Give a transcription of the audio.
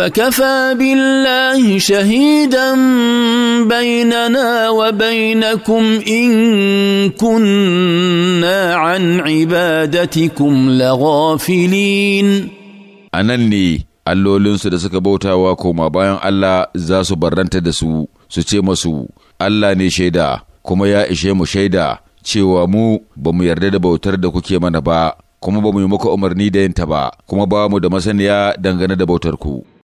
فكفى بالله شهيدا بيننا وبينكم ان كنا عن عبادتكم لغافلين anan ne allolinsu da suka bauta wa koma bayan Allah za su ranta da su su ce masu Allah ne shaida kuma ya ishe mu shaida cewa mu "bamu yarda da bautar da kuke mana ba kuma bamu yi maku umarni da yinta ba kuma ba mu da masaniya dangane da bautar ku